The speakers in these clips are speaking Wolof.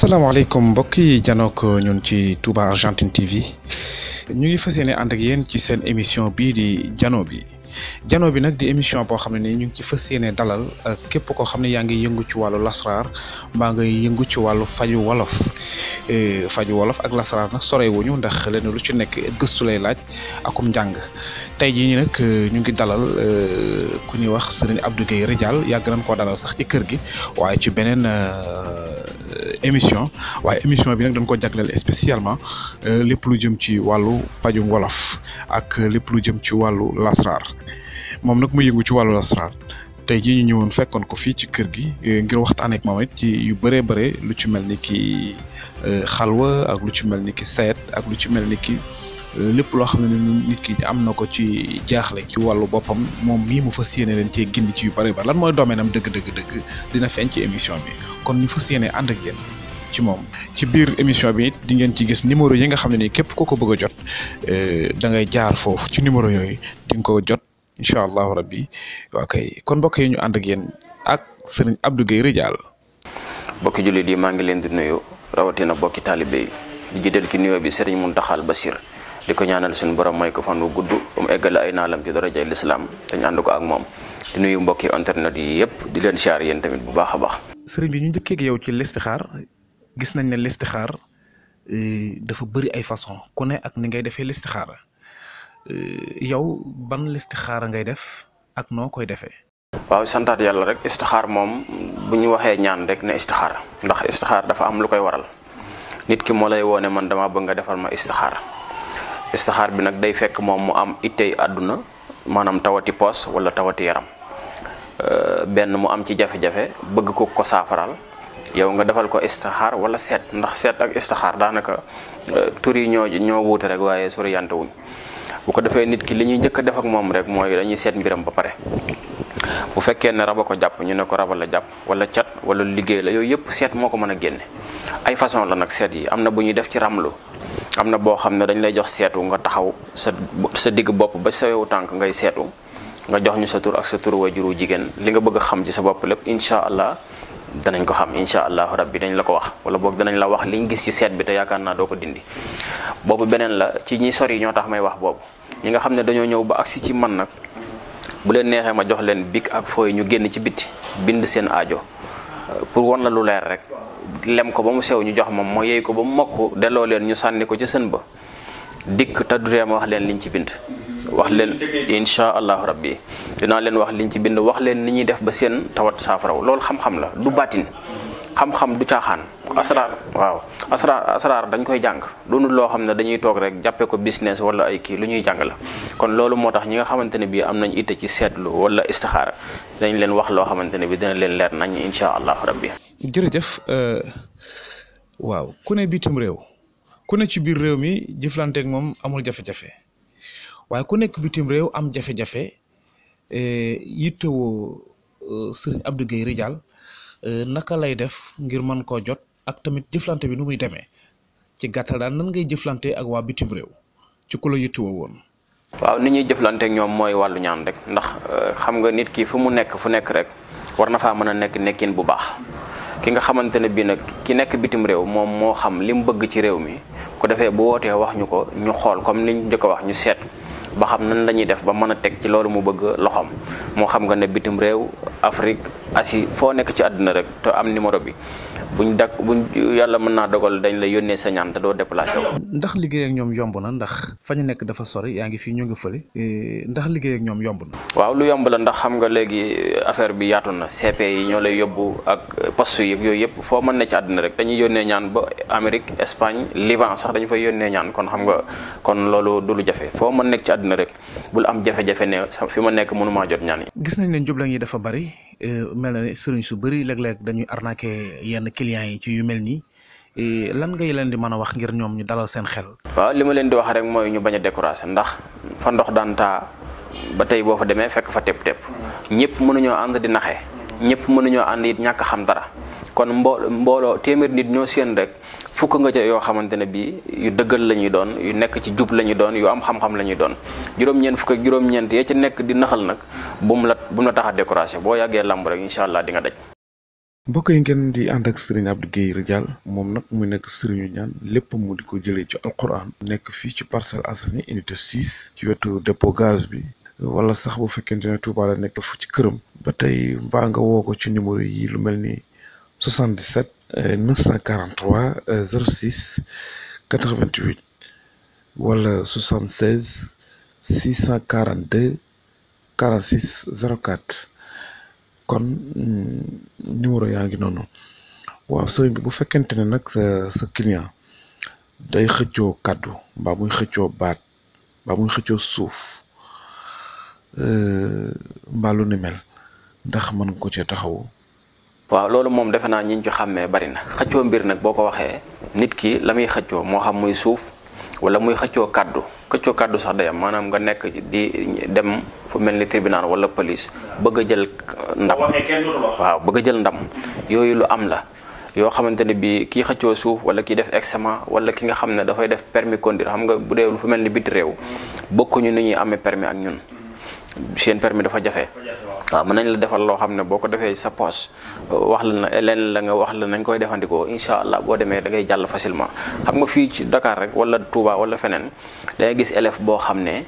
asalaamaaleykum mbokk yi janook ñun ci Touba Argentine TV ñu ngi fas yéene ànd ak yéen ci seen émission bii di jano bi jano bi nag di émission boo xam ne ni ñu ngi ci fas yéene dalal euh, képp koo xam ne yaa ngi yëngu ci wàllu lasraar mbaa nga yëngu ci wàllu faju wolof euh, faju wolof ak lasraar nag sore wuñu ndax leen lu ci nekk gëstu lay laaj akum njàng tey jii ñi nag euh, ñu ngi dalal ku ñuy wax sëriñ Abdou Guèye Ridial yàgg nañ koo dalal sax ci kër gi waaye ci beneen Euh, émission waaye émission bi nag dañ ko jagleel spécialement euh, lépp lu jëm ci wàllu pajum wolof ak lépp lu jëm ci wàllu lasraar moom nag mu yëngu ci wàllu lasraar tey jii ñu ñëwoon fekkoon ko fii ci kër gi euh, ngir waxtaan ak moom it ci yu bëree bëre lu ci mel ni ki xalwa ak lu ci mel ni ki sayet ak lu ci mel ni ki lépp loo xam ne nit ki am na ko ci jaaxle ci wàllu boppam moom mii mu fas yéene leen ci gindi ci yu bari ba lan mooy domaine am dëgg dëgg dëgg dina feeñ ci émission bi kon ñu fas yéene ànd ak ci moom ci biir émission bi di ngeen ci gis numéro yi nga xam ne nii képp koo ko bëgg jot euh, da ngay jaar foofu ci numéro yooyu di ko jot incha allahu rabbi waa kay kon mbokk yee ñu àndak ak ak sëriñ Abdou Guèye Ridial. mbokki jullit yi maa ngi leen di nuyu rawatina mbokki taalibe yi di jiital ki nuyoo bi sëriñ Mountakha Bassir. di ñaanal suñu borom may ko fan wu gudd mu eggale ay naalam ci daraja lislaam te ñu ànd ko ak moom di nuyu mbokki internet yi yëpp di leen siyaar yéen tamit bu baax a baax. sëriñ bi ñu njëkkee ak yow ci listixaar gis nañ ne listixaar e, dafa bëri ay façon ku ne ak ni ngay defee listixaar e, yow ban a ngay def ak noo koy defee. waaw santaat yàlla rek istixaar moom bu ñu waxee ñaan rek ne istixaar ndax istixaar dafa am lu koy waral nit ki moo lay woone man dama bëgg nga defal ma istixaar. istixaar bi nag day fekk moom mu am ittey àdduna maanaam tawati poos wala tawati yaram euh, benn mu am ci jafe-jafe bëgg ko ko saafaral yow nga defal ko istixaar wala seet ndax seet ak istixaar daanaka euh, tur yi ñoo ñoo wuute rek waaye sori wuñ bu ko defee nit ki li ñuy njëkk a def ak moom rek mooy dañuy seet mbiram ba pare bu fekkee ne raba ko jàpp ñu ne ko raba la jàpp wala cat wala liggéey la yooyu yëpp seet moo ko mën a génne ay façon la nag seet yi am na bu ñuy def ci ramlu am na boo xam ne dañ lay jox seetu nga taxaw sa sa digg bopp ba sa wewu tànk ngay seetu nga jox ñu sa tur ak sa tur waajuru jigéen li nga bëgg xam ci sa bopp lépp incha allah danañ ko xam incha allahu rabbi dañ la ko wax wala boog danañ la wax liñ gis ci seet bi te yaakaar naa doo ko dindi boobu beneen la ci ñi sori ñoo tax may wax boobu ñi nga xam ne dañoo ñëw ba agsi ci man nag bu leen neexee ma jox leen bic ak fooy ñu génn ci bitti bind seen aajo pour wan la lu leer rek lem ko ba mu sew ñu jox ma ma yey ko ba mu mokk delloo leen ñu sànni ko ca sën ba dikk tadduree ma wax leen liñ ci bind wax leen insha allahu rabbi dinaa leen wax liñ ci bind wax leen ni ñuy def ba seen tawat saafaraw lool xam-xam la du baatin xam-xam du caaxaan asraar waaw asraar asraar dañ koy jàng doonul loo xam ne dañuy toog rek jàppee ko business wala ay kii lu ñuy jàng la kon loolu moo tax ñi nga xamante ne bii am nañ itte ci seetlu wala istixaara dañ leen wax loo xamante ne bi dina leen leer nañ incha allahu rabbi jërëjëf euh, waaw ku ne bitim réew ku ne ci biir réew mi jëflanteeg moom amul jafe-jafe waaye ku nekk bitim réew am jafe-jafe euh, yittewoo euh, sëriñ Abdou Guèye Euh, naka lay def ngir mën koo jot ak tamit jëflante bi nu muy demee ci gàttal daal nan ngay jëflantee ak waa bitim réew ci ku la yittewoo woon. waaw ni ñuy jëflante ak ñoom mooy wàllu ñaan rek ndax euh, xam nga nit ki fu mu nekk fu nekk rek war na faa mën a nekk nekkin bu baax ki nga xamante ne bii nag ki nekk bitim réew moom moo xam li mu bëgg ci réew mi ko defee bu wootee wax ñu ko ñu xool comme liñ njëkk a wax ñu seet. ba xam nan la ñuy def ba mën a teg ci loolu mu bëgg loxoom moo xam nga ne bitim réew Afrique Asie foo nekk ci àdduna rek te am numéro bi buñ dakk buñ yàlla mën naa dogal dañ la yónnee sa doo déplacé ndax liggéey ñoom yomb na ndax fa nekk dafa sori yaa ngi fii ñu nga fële e, ndax liggéey ak ñoom yomb waaw lu yomb ndax xam nga léegi e, affaire bi yaatu na yi ñoo lay yóbbu ak e, poste yi yooyu yëpp foo mën na ci àdduna rek dañuy yónnee ñaan ba Amérique Espagne Liban sax dañu fay yónnee ñaan kon xam nga kon loolu du jafe foo mën nekk ci dina rek bul am jafe-jafe ne fi ma nekk mënumaa jot ñaan yi. gis nañ ne juble yi dafa bari eh, mel na ne sëriñ su bëri léeg-léeg dañuy arnaqué yenn clients yi ci yu mel nii eh, lan ngay leen di mën a wax ngir ñoom ñu dalal seen xel. waaw li ma leen di wax rek mooy ñu bañ a découragé ndax fa ndox daan taa ba tey boo fa demee fekk fa tepp tepp ñëpp mënuñoo ànd di naxee ñëpp mënuñoo ànd it ñàkk xam dara kon mbo mbooloo téeméer nit ñoo seen rek fukk nga ca yoo xamante ne bii yu dëggal la ñuy doon yu nekk ci jub la ñuy doon yu am xam-xam la ñuy doon juróom-ñeent fukk ak juróom-ñeent ya ci nekk di naxal nag bu la bu mu tax a découragé boo yàggee làmb rek incha allah di nga daj. mbokk yi ngeen di ànd ak sëriñ Abdou Guèye Ridial moom nag mu nekk sëriñu ñaan lépp mu di ko jëlee ci alquran nekk fii ci Parcelles Assainies unité 6 ci wetu dépôt gaz bi wala sax bu fekkente ne Touba nekk fu ci këram ba tey mbaa nga woo ko ci numéro yi lu mel ni 77 943 06 88 wala 76 642 46 04 kon mm, numéro yaa ngi noonu waaw so bi bu fekkente ne nag sa sa client day xëccoo kàddu mbaa muy xëccoo baat mbaa muy xëccoo suuf euh, mbaa lu ni mel ndax mën nga ko cee taxawu. waaw loolu moom defe naa ñiñ ci xàmmee bari na xëccoo mbir nag boo ko waxee nit ki la muy xëccoo moo xam muy suuf wala muy xëccoo kàddu xëccoo kàddu sax day maanaam nga nekk di dem fu mel ni tribunal wala police bëgg a jël ndam waaw bëgg jël ndam yooyu lu am la yoo xamante ne bi kii xëccoo suuf wala kii def examen wala ki nga xam ne dafay def permis conduire xam nga bu dee lu fu mel ni biti réew bokkuñu ni ñuy amee permi ak ñun seen permis dafa jafe waaw ah, mën nañ la defal loo xam ne boo ko defee sa poche wax la na leen la nga wax la nañ koy defandikoo incha allah boo demee da ngay jàll facilement xam nga fii ci Dakar rek wala Touba wala feneen da gis élève boo xam ne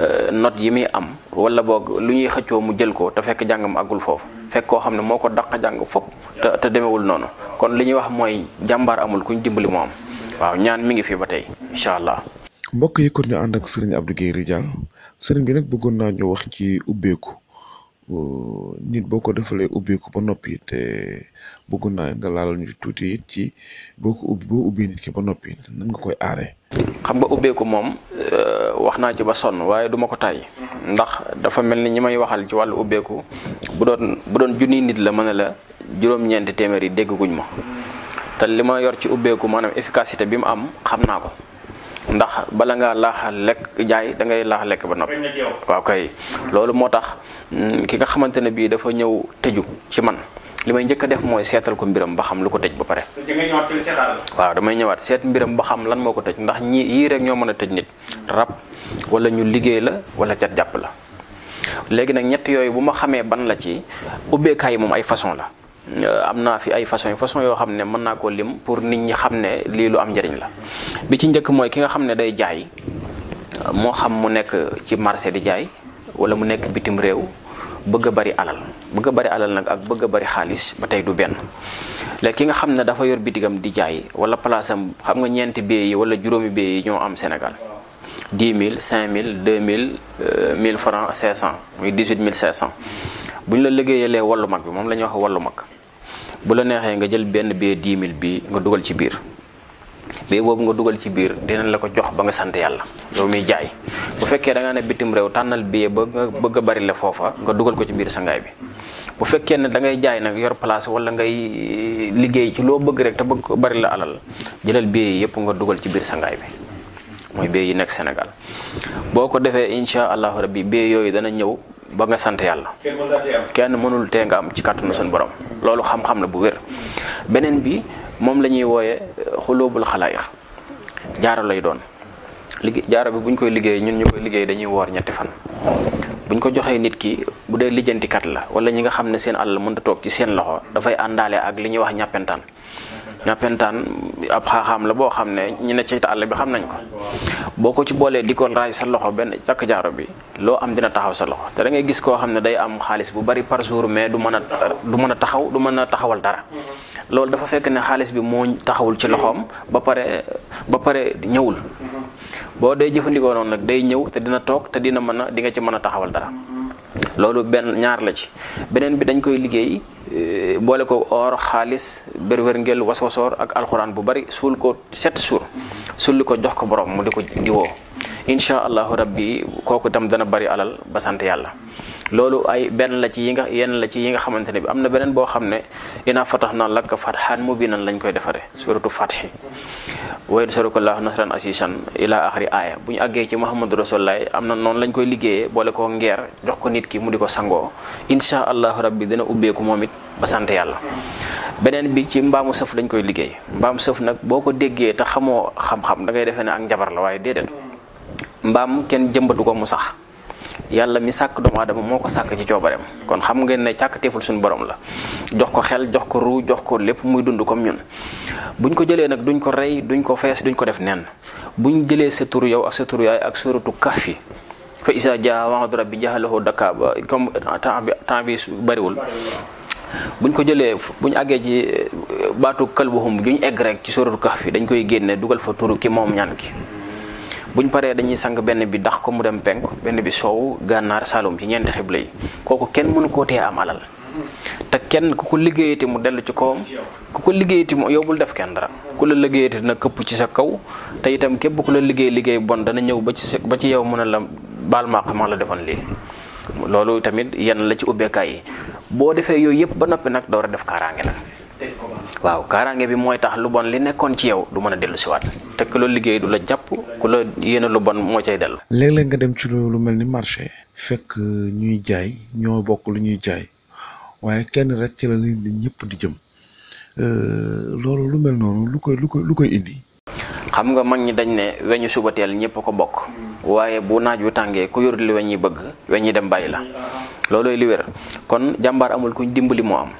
euh, note yi muy am wala boog lu ñuy xëccoo mu jël ko te fekk jàngam àggul foofu fekk koo xam ne moo ko daq jàng fop te te demewul noonu kon li ñuy wax mooy jàmbaar amul ku ñu dimbali mu am waaw ñaan mi ngi fi ba tey incha allah mbokk yi kon ñu ànd ak sëriñ Abdou Guèye Ridial sëriñ bi nag bëggoon naa ñu wax ci ubbeeku Euh, nit boo ko defalee ubbeeku ba noppi te bëgg naa nga laalal ñu tuuti it ci boo ko ubbi boo ubbee ba noppi nan nga koy aaree. xam nga ubbeeku moom euh, wax naa ci ba sonn waaye duma ko tay ndax dafa mel ni ñi may waxal ci wàllu ubbeeku bu doon bu doon junniy nit la mën a la juróom-ñeenti téeméer yi dégguñ ma te li ma yor ci ubbeeku maanaam efficacité bi mu am xam naa ko. ndax bala ngaa laax lekk jaay da ngay laax lekk ba noppi waaw kay loolu moo tax Mm, ki nga xamante ne bii dafa ñëw tëju ci man li may njëkk def mooy seetal ko mbiram ba xam lu ko tëj ba pare. waaw damay ñëwaat seet mbiram ba xam lan moo ko tëj ndax ñii yii rek ñoo mën a tëj nit. rab wala ñu liggéey la wala cat jàpp la léegi nag ñett yooyu bu ma xamee ban la ci ubbeekaay yi moom ay façon la. Euh, am naa fi ay façon yi façon yoo xam ne mën naa koo lim pour nit ñi xam ne lii lu am njëriñ la bi ci njëkk mooy ki nga xam ne day jaay moo xam mu nekk ci marché di jaay. wala mu nekk bitim réew bëgg bari alal bëgg bari alal nag ak bëgg bari xaalis ba tey du benn léegi ki nga xam ne dafa yor bitigam di jaay wala place am xam nga ñeenti billets yi wala juróomi billets yi ñoo am Sénégal 10 000 5 000 2 000 1000 francs 500 muy 18 500 bu ñu la liggéeyalee wallu mag bi moom la ñuy wax wallu mag bu la neexee nga jël benn billet 10 000 bi nga dugal ci biir. bii boobu nga dugal ci biir dinañ la ko jox ba nga sant yàlla yow muy jaay bu fekkee da nga ne bitim réew tànnal billet ba bëgg bari la foofa nga dugal ko ci biir sangaay bi bu fekkee ne da ngay jaay nag yor place wala ngay eh, liggéey ci loo bëgg rek te bëgg ko bari la alal jëlal billet yëpp nga dugal ci biir sangaay bi mooy billet yi nekk senegal boo ko defee incha allahu rabbi billet yooyu dana ñëw ba nga sant yàlla kenn mënul tee nga am ci kàttanu suñu borom loolu xam-xam la bu wér beneen bi moom la ñuy wooyee euh, xulóobul xalaayiq jaaro lay doon liggéey jaaro bi bu ñu koy liggéey ñun ñu koy liggéey dañuy woor ñetti fan bu ñu ko joxee nit ki bu dee lijjantikat la wala ñi nga xam ne seen àll mënta toog ci seen loxo dafay àndaale ak li ñuy wax ñàppentaan ñappentaan ab xaaxaam la boo xam ne ñi ne ci àll bi xam nañ ko boo ko ci boolee di ko raay sa loxo benn takk jaaro bi loo am dina taxaw sa loxo te da ngay gis koo xam ne day am xaalis bu bari par jour mais du mën a du mën a taxaw du mën a taxawal dara loolu dafa fekk ne xaalis bi moo taxawul ci loxoom ba pare ba pare ñëwul boo dee jëfandikoo noonu nag day ñëw te dina toog te dina mën a di nga ci mën a taxawal dara loolu benn ñaar la ci beneen bi dañ koy liggéey Eh, boole ko or xaalis bérwér ngel waswasoor ak alxuraan bu bari suul ko sept jours sulli ko jox ko borom mu di ko diwoo incha allahu rabbi kooku itam dana bari alal ba sant yàlla loolu ay benn la ci yi nga yenn la ci yi nga xamante ne bi am na beneen boo xam ne fa tax inaa fatahnaa laka fathan mubiinan lañ koy defaree suratu fathi wa yansurakallaahu nasran asiisan ilaa axri aaya bu ñu àggee ci muhammadu rasulullaah am na noon lañ koy liggéeyee boole koo ngeer jox ko nit ki mu di ko sangoo insha allahu rabbi dina ubbeeku moom it ba sant yàlla beneen bi ci mbaamu sëf lañ koy liggéey mbaamu sëf nag boo ko déggee te xamoo xam-xam da ngay ne ak njabar la waaye déedéet mbaam kenn jëmbatu ko mu sax yàlla mi sàkk doomu adama moo ko sàkk ci coobareem kon xam ngeen ne càkk teeful suñu borom la jox ko xel jox ko ru jox ko lépp muy dund comme ñun buñ ko jëlee nag duñ ko rey duñ ko fees duñ ko def nen buñ jëlee sa tur yow ak sa tur yaay ak suratu kahfi fa isa jaa wa'du rabbi jahalahu dakka ba comme temps bi temps bi bariwul buñ ko jëlee buñ àggee ci baatu kalbuhum juñ egg rek ci suratu kahfi dañ koy génne dugal fa turu ki moom ñaan ki buñ paree dañuy sang benn bi dax ko mu dem penk benn bi soow gànnaar saalum ci ñeenti xibla yi kooku kenn mënu koo tee am alal te kenn ku ko liggéeyati mu dellu ci kawam ku ko liggéeyati mu yow def kenn dara ku la liggéeyati dina këpp ci sa kaw te itam képp ku la liggéey liggéey bon dana ñëw ba ci ba ci yow mën a la baal maa xam la defoon lii loolu tamit yenn la ci ubbeekaay yi boo defee yooyu yëpp ba noppi nag door def kaaraange nag waaw kaaraange bi mooy tax lu bon li nekkoon ci yow du mën a dellu siwaat te ku la liggéey du la jàpp ku la yéene lu bon moo cay dellu. léeg-léeg nga dem ci lu mel ni marché. fekk ñuy jaay ñoo bokk lu ñuy jaay waaye kenn rek ci ñëpp di jëm euh, loolu lu mel noonu lu koy lu koy indi. xam nga mag ñi dañ ne weñu suba teel ñëpp ko bokk waaye bu naaj wi tàngee ku yorul li weñ yi bëgg weñ dem bàyyi la loolooy li wér kon jàmbaar amul kuñ dimbali moo am.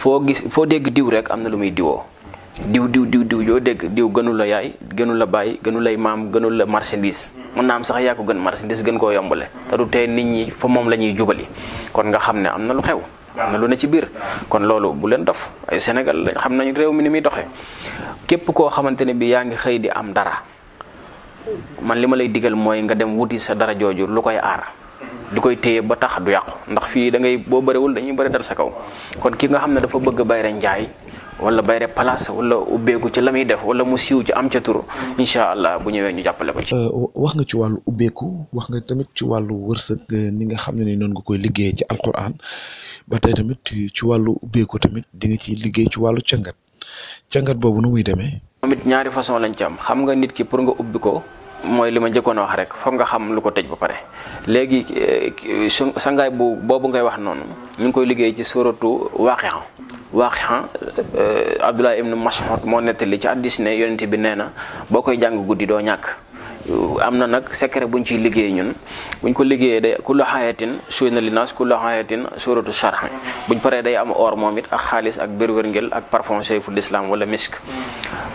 foo gis foo dégg diw rek am na lu muy diwoo diw diw diw diw yoo dégg diw gënu la yaay gënu la bàyyi gënu lay maam gënu la marchandise mën naa am sax yaa ko gën marchandise gën koo yombale te du tee nit ñi fa moom la ñuy jubali kon nga xam ne am na lu xew am na lu ne ci biir kon loolu bu leen dof ay Sénégal lañ xam nañ réew mi ni muy doxee képp koo xamante ne bi yaa ngi xëy di am dara man li ma lay digal mooy nga dem wuti sa dara jooju lu koy aar lu koy téye ba tax du yàqu ndax fii da ngay boo bëriwul dañuy bëri dal sa kaw kon ki nga xam ne dafa bëgg bayre njaay wala bayre place wala ubbeeku ci la muy def wala mu siiw ci am ca tur incha allah bu ñëwee ñu jàppale ko ci. Euh, wax nga ci wàllu ubbeeku wax nga tamit ci wàllu wërsëg euh, ni nga xam ne ni noonu nga koy liggéeyee ci alquran ba tey tamit ci wàllu ubbeeku tamit di nga ciy liggéey ci wàllu càngat càngat boobu nu muy demee. moom ñaari façon lañ ci am xam nga nit ki pour nga ubbi ko mooy li ma njëkkoon a wax rek foog nga xam lu ko tëj ba pare léegi eh, sangaay bu boobu ngay wax noonu ñu ngi koy liggéey ci suratu waaqiha waaqiha eh, Abdullah ibn Mas'ud moo nettali ci hadiis ne yonent bi nee na boo koy jàng guddi doo ñàkk am na nag secret buñ ciy liggéey ñun buñ ko liggéeyee day kullu xaayatin suy na linaas kullu xaayatin suratu charx buñ pare day am or moom it ak xaalis ak bérwérngel ak parfum cheikhul islam wala misk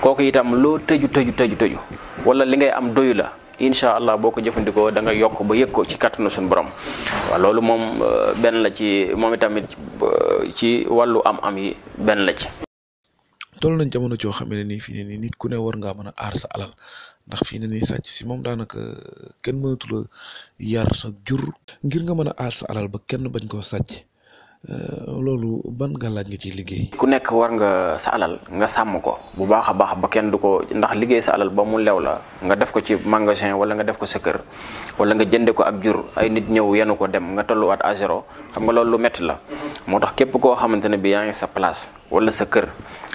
kooku itam loo tëju tëju tëju tëju wala li ngay am doyu la incha allah boo ko jëfandikoo da nga yokk ba yëg ko ci kattanu suñ borom waa loolu moom euh, benn la ci moom itamit euh, ci wàllu am-am yi benn la ci. toll nañ jamono ci xam ne nii fii nii nit ku ne war ngaa mën a aar sa alal ndax fii ne nii sàcc si moom daanaka kenn mënatu la yar sa jur. ngir nga mën a aar sa alal ba kenn bañ koo sàcc. Euh, loolu ban gàllaaj nga ciy liggéey. ku nekk war nga sa alal nga sàmm ko bu baax a baax ba kenn du ko ndax liggéey sa alal ba mu lew la nga def ko ci magasin wala nga def ko sa kër wala nga jënde ko ak jur ay nit ñëw yenu ko dem nga tolluwaat à xam nga loolu lu métti la. moo tax képp koo xamante ne bi yaa sa place wala sa kër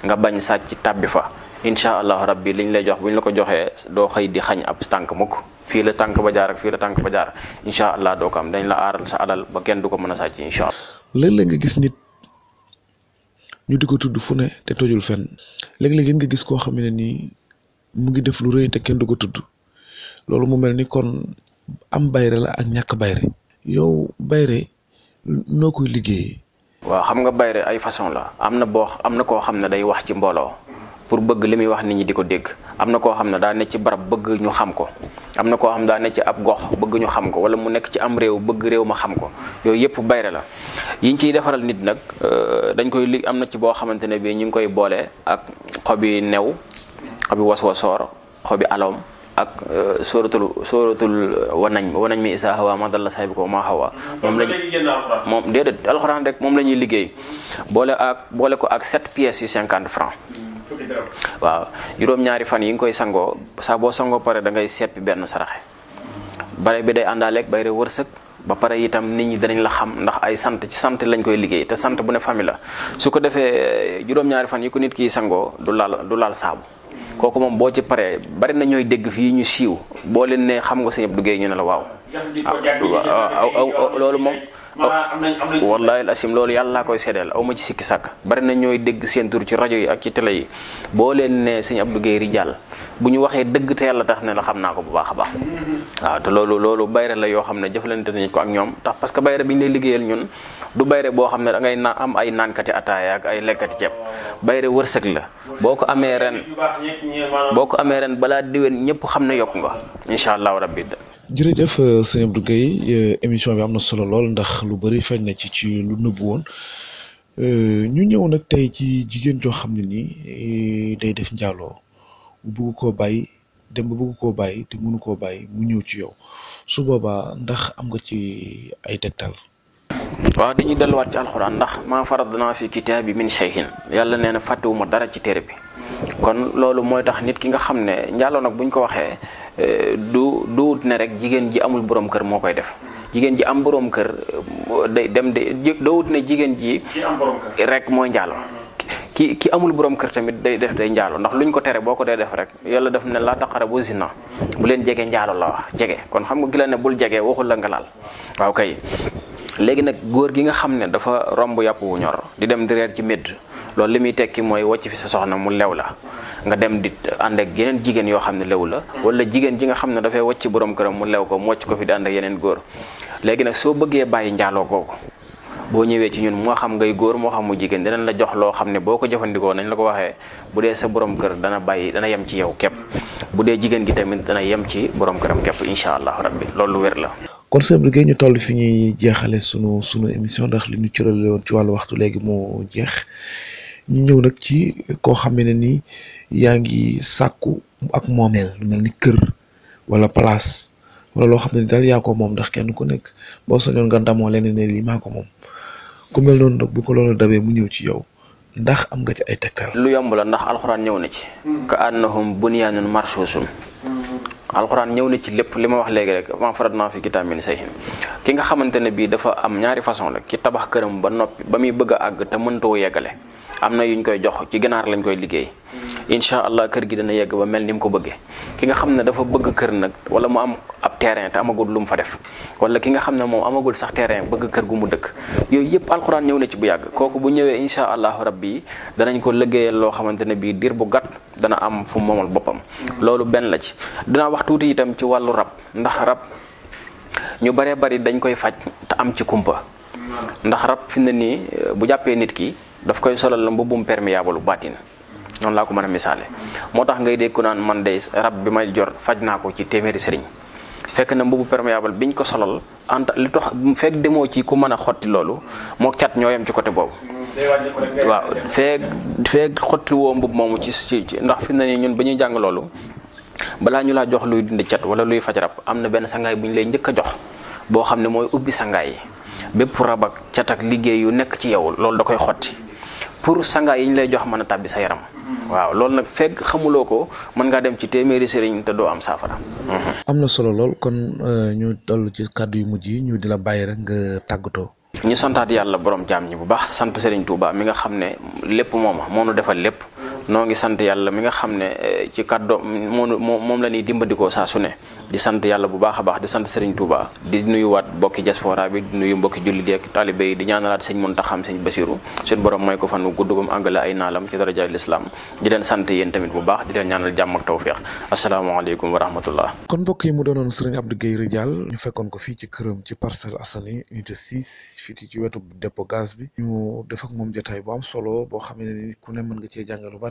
nga bañ sàcc tàbbi fa. incha allah rabbi liñ lay jox bu ñu la ko joxee doo xëy di xañ ab tànk mukk fii la tànk ba jaar ak fii tànk ba jaar incha allah doo am dañ la aaral sa alal ba kenn du ko mën a sàcc incha allah. léeg-léeg nga gis nit ñu di ko tudd fu ne te tojul fenn léeg-léeg nga gis koo xam ne nii mu ngi def lu rëy te kenn du ko tudd loolu mu mel ni kon am bayre la ak ñaq bayre yow bayre noo koy liggéeyee. waaw xam nga bayre ay façon la am na boo am na koo xam ne day wax ci mbooloo. pour bëgg li muy wax nit ñi di ko dégg am na koo xam ne daa ne ci barab bëgg ñu xam ko am na koo xam ne daa ne ci ab gox bëgg ñu xam ko wala mu nekk ci am réew bëgg réew ma xam ko yooyu yëpp bayre la yiñ ciy defaral nit nag euh, dañ koy li am na ci boo xamante ne bii ñu ngi koy boole ak xobi new xobi waswasoor xobi alom ak euh, sóoratul sóoratul wanañ wanañ mi isaa hawa ma dalla saahibu ko maa hawa moom lañ moom déedéet rek moom la ñuy liggéey boole ak boole ko ak sept pièces yu cinquante francs waaw juróom-ñaari fan yi nga koy sangoo saaboo sangoo pare dangay ngay seppi benn saraxe bare bi day àndaaleeg bayre wërsëg ba pare itam nit ñi danañ la xam ndax ay sant ci sant lañ koy liggéey te sant bu ne famille la su ko defee juróom-ñaari fan yi ko nit kiy sangoo du laal du laal saabu kooku moom boo ci paree bari na ñooy dégg fii ñu siiw boo leen ne xam nga sëñ Abdou Guèye ñu ne la waaw loolu moom maanaam am nañ am nañ asim loolu yàlla laa koy seddeel aw ma ci sikki sàkk bari na ñooy dégg seen tur ci rajo yi ak ci télé yi boo leen ne sëñ Abdou Guèye Ridial bu ñu waxee dëgg te yàlla tax ne la xam naa ko bu baax a baax waaw te loolu loolu bayre la yoo xam ne jëflante nañ ko ak ñoom tax parce que bayre bi ñu lay liggéeyal ñun du bayre boo xam ne da ngay na am ay naankati ataaya ak ay lekkati ceeb bayre wërsëg la boo ko amee ren boo ko amee ren balaa diwén ñëpp xam ne yokk nga incha allahu rabbi jërëjëf euh, sëñ Abdou Guèye euh, émission bi am na solo lool ndax lu bari feeñ na ci ci lu nëbbu woon euh, ñu ñëw nag tey ci jigéen joo xam ne nii day def njaaloo bëgg koo bàyyi dem ba bëgg koo bàyyi te mënu koo bàyyi mu ñëw ci yow su boobaa ndax am nga ci ay tegtal. waaw dañuy delluwaat ci alxuraan ndax maa faradnaa fi kitaabi min shay'in yàlla nee na fàttewuma dara ci téere bi. kon loolu mooy tax nit ki nga xam ne njaaloo nag bu ñu ko waxee euh, du du wut ne rek jigéen ji amul borom kër moo koy def jigéen ji am borom kër day dem de doo wut ne jigéen ji rek mooy njaaloo ki ki amul borom kër tamit day def day njaaloo ndax lu ñu ko tere boo ko dee def rek yàlla def ne laa taqara bu zina bu leen jege njaaloo la wax jege kon xam nga ki la ne bul jege waxul la nga laal waaw kay léegi nag góor gi nga xam ne dafa romb yàpp wu ñor di dem di reer ci médd loolu li muy tekki mooy wocc fi sa soxna mu lew la nga dem di ànd ak yeneen jigéen yoo xam ne lew la wala jigéen ji nga xam ne dafay wocc borom këram mu lew ko mu wàcc ko fi di ànd ak yeneen góor léegi nag soo bëggee bàyyi njaaloo googu boo ñëwee ci ñun moo xam ngay góor moo xam mu jigéen dinañ la jox loo xam ne boo ko jëfandikoo nañ la ko waxee bu dee sa borom kër dana bàyyi dana yem ci yow képp bu dee jigéen gi tamit dana yem ci borom këram képp incha allah rabbi loolu wér la. kon ñu toll fi ñuy jeexale sunu émission ndax li ñu cërale woon ci wàllu waxtu léegi moo jeex ñu ñëw nag ci koo xam ne ni yaa ngi sàkku ak moomeel lu mel ni kër walla place wala loo xam ne daal yaa ko moom ndax kenn ku nekk boo sañoon nga ndamoo leen ne lii maa ko moom ku mel noonu nag bu ko loolu dabee mu ñëw ci yow ndax am nga ci ay tegtal. lu yomb la ndax alxuraan ñëw na ci. Hmm. ka annahum bunyaanun marsuusun hmm. alxuraan ñëw na ci lépp li ma wax léegi rek ma faratnaa fi kitaab min say ki nga xamante ne bii dafa am ñaari façon la ki tabax këram ba noppi ba muy bëgg a àgg te mëntoo yeggale. am na yu yuñ koy jox ci ganaar lañ koy liggéey incha allah kër gi dana yegg ba mel ni mu ko bëggee ki nga xam ne dafa bëgg kër nag wala mu am ab terrain te amagul lu mu fa def wala ki nga xam ne moom amagul sax terrain bëgg kër gu mu dëkk yooyu yëpp alxuraan ñëw na ci bu yàgg kooku bu ñëwee incha allahu rabbi danañ ko liggéeyal loo xamante ne bii diir bu gàtt dana am fu moomal boppam loolu benn la ci dinaa wax tuuti itam ci wàllu rab ndax rab ñu baree bari dañ koy faj te am ci kumpa ndax rab fi ne nii bu jàppee nit ki daf koy solal la mbubbum perméable baatin noonu laa ko mën a misaale moo tax ngay dégg ku naan man de rab bi may jot faj naa ko ci téeméeri sëriñ fekk na mbubu perméable biñ ko solal en li tax fekk demoo ci ku mën a xotti loolu moo cat ñoo yam ci côté boobu. waaw feek feek xotti woo mbub moomu ci ndax fi na ne ñun ba ñuy jàng loolu balaa ñu laa jox luy dindi cat wala luy faj rab am na benn sangaay bu ñu lay njëkk a jox boo xam ne mooy ubbi sangaay bépp rab ak cat liggéey yu nekk ci yow loolu da koy xotti. pour sangaa yi ñu lay jox mën a tàbbi sa yaram. waaw loolu nag fekk xamuloo ko mën ngaa dem ci téeméeri sëriñ te doo am saafara. am na solo lool kon euh, ñu toll ci kàddu yu mujj yi ñu di la bàyyi rek nga tàggatoo. ñu santaat yàlla borom jaam ñi bu baax sant sëriñ Touba mi nga xam ne lépp mooma moo nu defal lépp. noo ngi sant yàlla mi nga xam ne eh, ci kàddo moom moom la ñuy dimbandikoo saa su ne di sant yàlla bu baax a baax di sant Serigne Touba di nuyuwaat bokki diaspora bi di nuyu mbokki jullit yi ak taalibe yi di ñaanalaat sëñ Muntaxa sëñ Basiru suñu borom may ko fan wu gudd ba mu àggale ay naalam ci daraja lislaam di leen sant yéen tamit bu baax di leen ñaanal jàmm ak tawféex asalaamaaleykum wa rahmatullah kon mbokk yi mu doonoon Serigne Abdou Guèye Ridial ñu bi ñu def ak moom jotaay boo xam ne ku ne mën nga cee jàngalu bari